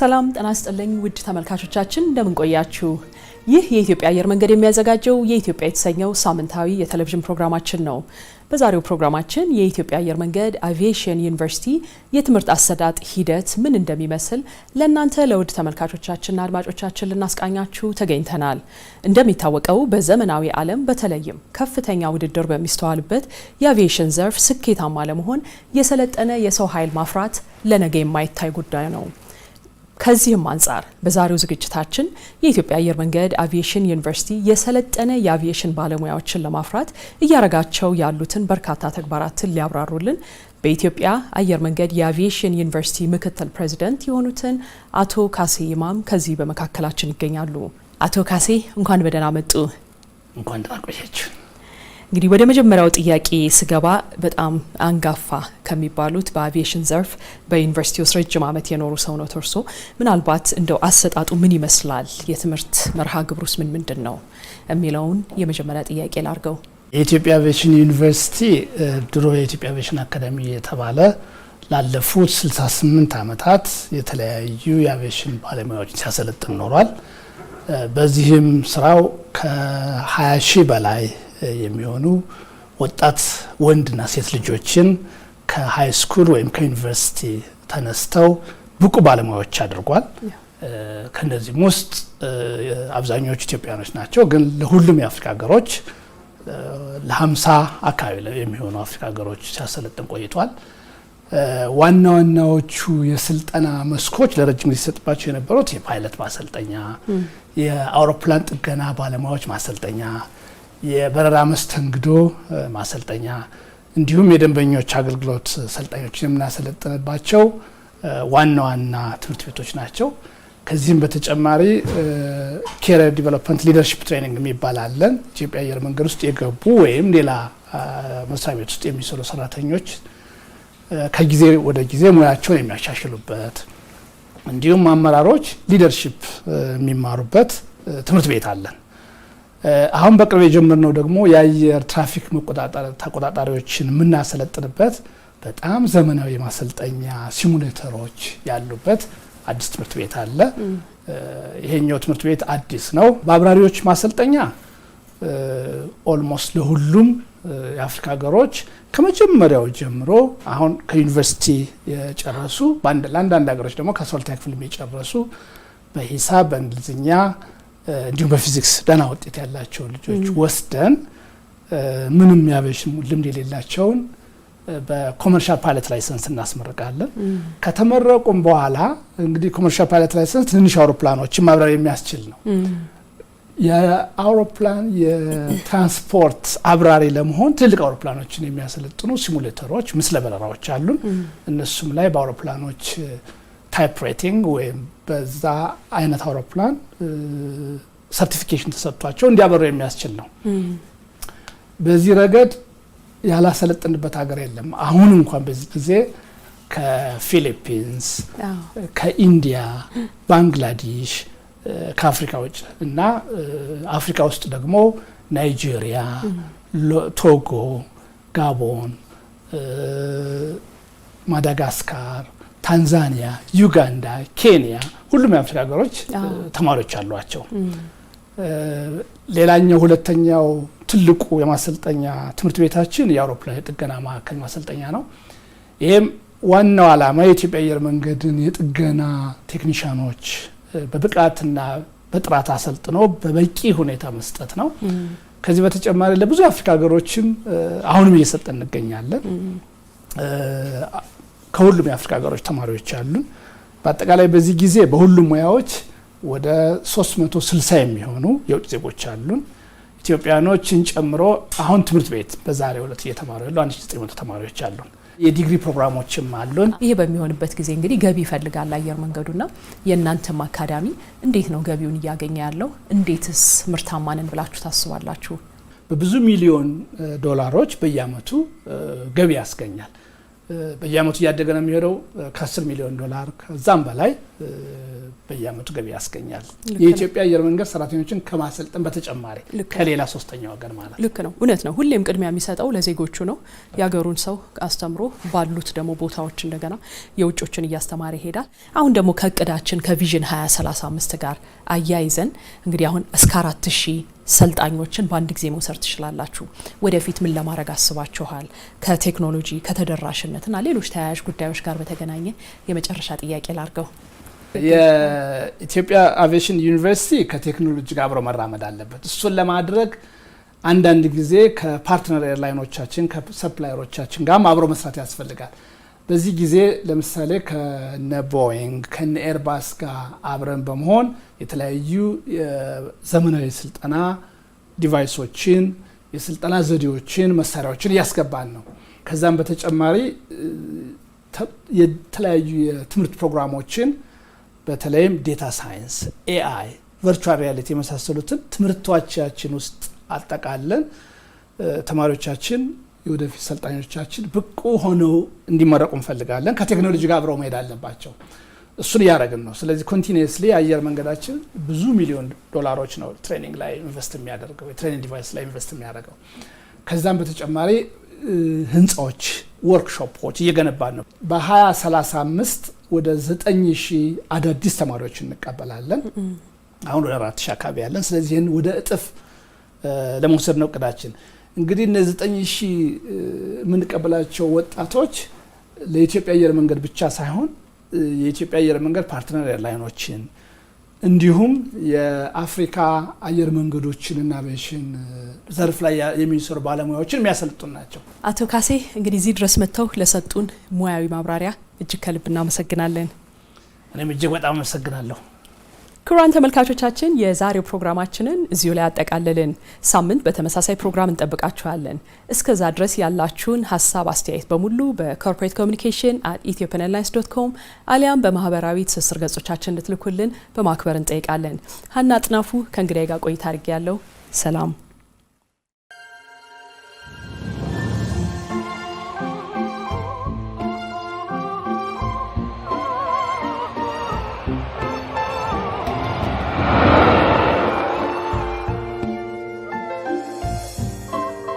ሰላም ጤና ይስጥልኝ ውድ ተመልካቾቻችን እንደምን ቆያችሁ? ይህ የኢትዮጵያ አየር መንገድ የሚያዘጋጀው የኢትዮጵያ የተሰኘው ሳምንታዊ የቴሌቪዥን ፕሮግራማችን ነው። በዛሬው ፕሮግራማችን የኢትዮጵያ አየር መንገድ አቪዬሽን ዩኒቨርሲቲ የትምህርት አሰጣጥ ሂደት ምን እንደሚመስል ለእናንተ ለውድ ተመልካቾቻችንና አድማጮቻችን ልናስቃኛችሁ ተገኝተናል። እንደሚታወቀው በዘመናዊ ዓለም በተለይም ከፍተኛ ውድድር በሚስተዋልበት የአቪዬሽን ዘርፍ ስኬታማ ለመሆን የሰለጠነ የሰው ኃይል ማፍራት ለነገ የማይታይ ጉዳይ ነው። ከዚህም አንጻር በዛሬው ዝግጅታችን የኢትዮጵያ አየር መንገድ አቪዬሽን ዩኒቨርሲቲ የሰለጠነ የአቪዬሽን ባለሙያዎችን ለማፍራት እያረጋቸው ያሉትን በርካታ ተግባራትን ሊያብራሩልን በኢትዮጵያ አየር መንገድ የአቪዬሽን ዩኒቨርሲቲ ምክትል ፕሬዚደንት የሆኑትን አቶ ካሴ ይማም ከዚህ በመካከላችን ይገኛሉ። አቶ ካሴ እንኳን በደህና መጡ። እንኳን ደህና ቆያችሁ። እንግዲህ ወደ መጀመሪያው ጥያቄ ስገባ በጣም አንጋፋ ከሚባሉት በአቪዬሽን ዘርፍ በዩኒቨርሲቲ ውስጥ ረጅም ዓመት የኖሩ ሰው ነው እርሶ። ምናልባት እንደው አሰጣጡ ምን ይመስላል፣ የትምህርት መርሃ ግብሩስ ምን ምንድን ነው የሚለውን የመጀመሪያ ጥያቄ ላርገው። የኢትዮጵያ አቪዬሽን ዩኒቨርሲቲ ድሮ የኢትዮጵያ አቪዬሽን አካዳሚ የተባለ ላለፉት 68 ዓመታት የተለያዩ የአቪዬሽን ባለሙያዎችን ሲያሰለጥን ኖሯል። በዚህም ስራው ከ20 ሺህ በላይ የሚሆኑ ወጣት ወንድና ሴት ልጆችን ከሃይ ስኩል ወይም ከዩኒቨርሲቲ ተነስተው ብቁ ባለሙያዎች አድርጓል። ከእነዚህም ውስጥ አብዛኛዎቹ ኢትዮጵያኖች ናቸው። ግን ለሁሉም የአፍሪካ ሀገሮች ለሀምሳ አካባቢ የሚሆኑ አፍሪካ ሀገሮች ሲያሰለጥን ቆይቷል። ዋና ዋናዎቹ የስልጠና መስኮች ለረጅም ጊዜ ሲሰጥባቸው የነበሩት የፓይለት ማሰልጠኛ፣ የአውሮፕላን ጥገና ባለሙያዎች ማሰልጠኛ የበረራ መስተንግዶ ማሰልጠኛ እንዲሁም የደንበኞች አገልግሎት ሰልጣኞችን የምናሰለጥንባቸው ዋና ዋና ትምህርት ቤቶች ናቸው። ከዚህም በተጨማሪ ኬሪየር ዲቨሎፕመንት ሊደርሽፕ ትሬኒንግ የሚባል አለን። ኢትዮጵያ አየር መንገድ ውስጥ የገቡ ወይም ሌላ መስሪያ ቤት ውስጥ የሚሰሩ ሰራተኞች ከጊዜ ወደ ጊዜ ሙያቸውን የሚያሻሽሉበት እንዲሁም አመራሮች ሊደርሽፕ የሚማሩበት ትምህርት ቤት አለን። አሁን በቅርብ የጀመርነው ደግሞ የአየር ትራፊክ ተቆጣጣሪዎችን የምናሰለጥንበት በጣም ዘመናዊ ማሰልጠኛ ሲሙሌተሮች ያሉበት አዲስ ትምህርት ቤት አለ። ይሄኛው ትምህርት ቤት አዲስ ነው። በአብራሪዎች ማሰልጠኛ ኦልሞስት ለሁሉም የአፍሪካ ሀገሮች ከመጀመሪያው ጀምሮ አሁን ከዩኒቨርሲቲ የጨረሱ ለአንዳንድ ሀገሮች ደግሞ ከሶልታ ክፍልም የጨረሱ በሂሳብ በእንግሊዝኛ እንዲሁም በፊዚክስ ደህና ውጤት ያላቸው ልጆች ወስደን ምንም ያበሽ ልምድ የሌላቸውን በኮመርሻል ፓይለት ላይሰንስ እናስመርቃለን። ከተመረቁም በኋላ እንግዲህ ኮመርሻል ፓይለት ላይሰንስ ትንንሽ አውሮፕላኖችን ማብረር የሚያስችል ነው። የአውሮፕላን የትራንስፖርት አብራሪ ለመሆን ትልቅ አውሮፕላኖችን የሚያሰለጥኑ ሲሙሌተሮች ምስለ በረራዎች አሉን። እነሱም ላይ በአውሮፕላኖች ታይፕሬቲንግ ወይም በዛ አይነት አውሮፕላን ሰርቲፊኬሽን ተሰጥቷቸው እንዲያበሩ የሚያስችል ነው። በዚህ ረገድ ያላሰለጥንበት ሀገር የለም። አሁን እንኳን በዚህ ጊዜ ከፊሊፒንስ፣ ከኢንዲያ፣ ባንግላዴሽ ከአፍሪካ ውጭ እና አፍሪካ ውስጥ ደግሞ ናይጄሪያ፣ ቶጎ፣ ጋቦን፣ ማዳጋስካር ታንዛኒያ፣ ዩጋንዳ፣ ኬንያ ሁሉም የአፍሪካ ሀገሮች ተማሪዎች አሏቸው። ሌላኛው ሁለተኛው ትልቁ የማሰልጠኛ ትምህርት ቤታችን የአውሮፕላን የጥገና ማዕከል ማሰልጠኛ ነው። ይህም ዋናው ዓላማ የኢትዮጵያ አየር መንገድን የጥገና ቴክኒሽያኖች በብቃትና በጥራት አሰልጥኖ በበቂ ሁኔታ መስጠት ነው። ከዚህ በተጨማሪ ለብዙ አፍሪካ ሀገሮችም አሁንም እየሰጠን እንገኛለን። ከሁሉም የአፍሪካ ሀገሮች ተማሪዎች አሉን። በአጠቃላይ በዚህ ጊዜ በሁሉም ሙያዎች ወደ 360 የሚሆኑ የውጭ ዜጎች አሉን። ኢትዮጵያኖችን ጨምሮ አሁን ትምህርት ቤት በዛሬው ዕለት እየተማሩ ያሉ 1900 ተማሪዎች አሉን። የዲግሪ ፕሮግራሞችም አሉን። ይሄ በሚሆንበት ጊዜ እንግዲህ ገቢ ይፈልጋል አየር መንገዱና የእናንተም አካዳሚ እንዴት ነው ገቢውን እያገኘ ያለው? እንዴትስ ምርታማንን ብላችሁ ታስባላችሁ? በብዙ ሚሊዮን ዶላሮች በየአመቱ ገቢ ያስገኛል። በየአመቱ እያደገ ነው የሚሄደው ከ10 ሚሊዮን ዶላር ከዛም በላይ በየአመቱ ገቢ ያስገኛል። የኢትዮጵያ አየር መንገድ ሰራተኞችን ከማሰልጠን በተጨማሪ ከሌላ ሶስተኛ ወገን ማለት ልክ ነው። እውነት ነው። ሁሌም ቅድሚያ የሚሰጠው ለዜጎቹ ነው። የሀገሩን ሰው አስተምሮ ባሉት ደግሞ ቦታዎች እንደገና የውጮችን እያስተማረ ይሄዳል። አሁን ደግሞ ከእቅዳችን ከቪዥን 2035 ጋር አያይዘን እንግዲህ አሁን እስከ አራት ሺህ ሰልጣኞችን በአንድ ጊዜ መውሰድ ትችላላችሁ። ወደፊት ምን ለማድረግ አስባችኋል? ከቴክኖሎጂ ከተደራሽነትና ሌሎች ተያያዥ ጉዳዮች ጋር በተገናኘ የመጨረሻ ጥያቄ ላርገው። የኢትዮጵያ አቪዬሽን ዩኒቨርሲቲ ከቴክኖሎጂ ጋር አብሮ መራመድ አለበት። እሱን ለማድረግ አንዳንድ ጊዜ ከፓርትነር ኤርላይኖቻችን ከሰፕላየሮቻችን ጋርም አብሮ መስራት ያስፈልጋል። በዚህ ጊዜ ለምሳሌ ከነ ቦይንግ ከነ ኤርባስ ጋር አብረን በመሆን የተለያዩ ዘመናዊ ስልጠና ዲቫይሶችን፣ የስልጠና ዘዴዎችን፣ መሳሪያዎችን እያስገባን ነው። ከዛም በተጨማሪ የተለያዩ የትምህርት ፕሮግራሞችን በተለይም ዴታ ሳይንስ፣ ኤአይ፣ ቨርቹዋል ሪያሊቲ የመሳሰሉትን ትምህርቶቻችን ውስጥ አጠቃለን ተማሪዎቻችን የወደፊት ሰልጣኞቻችን ብቁ ሆነው እንዲመረቁ እንፈልጋለን። ከቴክኖሎጂ ጋር አብረው መሄድ አለባቸው። እሱን እያደረግን ነው። ስለዚህ ኮንቲኒስ የአየር መንገዳችን ብዙ ሚሊዮን ዶላሮች ነው ትሬኒንግ ላይ ኢንቨስት የሚያደርገው የትሬኒንግ ዲቫይስ ላይ ኢንቨስት የሚያደርገው። ከዛም በተጨማሪ ህንፃዎች ወርክሾፖች እየገነባን ነው። በ2035 ወደ 9000 አዳዲስ ተማሪዎች እንቀበላለን። አሁን ወደ ሺህ አካባቢ ያለን፣ ስለዚህ ይህን ወደ እጥፍ ለመውሰድ ነው እቅዳችን። እንግዲህ እነ 9 9000 የምንቀበላቸው ወጣቶች ለኢትዮጵያ አየር መንገድ ብቻ ሳይሆን የኢትዮጵያ አየር መንገድ ፓርትነር ኤርላይኖችን እንዲሁም የአፍሪካ አየር መንገዶችን እና ዘርፍ ላይ የሚሰሩ ባለሙያዎችን የሚያሰልጡን ናቸው። አቶ ካሴ እንግዲህ እዚህ ድረስ መጥተው ለሰጡን ሙያዊ ማብራሪያ እጅግ ከልብ እናመሰግናለን። እኔም እጅግ በጣም አመሰግናለሁ። ክቡራን ተመልካቾቻችን የዛሬው ፕሮግራማችንን እዚሁ ላይ ያጠቃልልን። ሳምንት በተመሳሳይ ፕሮግራም እንጠብቃችኋለን። እስከዛ ድረስ ያላችሁን ሀሳብ፣ አስተያየት በሙሉ በኮርፖሬት ኮሚኒኬሽን አት ኢትዮጵያን ኤርላይንስ ዶት ኮም አሊያም በማህበራዊ ትስስር ገጾቻችን እንድትልኩልን በማክበር እንጠይቃለን። ሀና አጥናፉ ከእንግዳዬ ጋር ቆይታ አድርጌ ያለው ሰላም